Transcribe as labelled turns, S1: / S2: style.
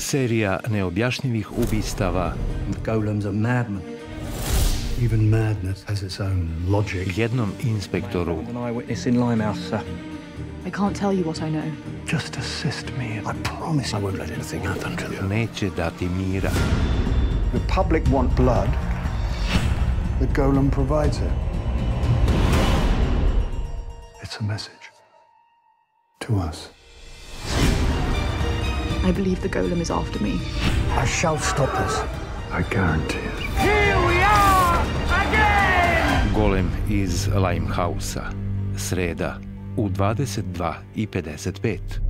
S1: serija neobjašnjivih ubistava.
S2: The golem's a madman. Even madness has its own logic.
S1: Jednom inspektoru.
S2: An eyewitness
S1: in Limehouse, sir.
S3: I can't tell you what I know. Just assist
S2: me. I promise I won't let anything happen to
S1: you. Neće dati mira.
S2: The public want blood. The golem provides it. It's a message to us.
S4: I believe the golem is after me. I shall stop this.
S2: I guarantee it.
S4: Here we are
S1: again! Golem iz Limehausa. Sreda u 22 i 55.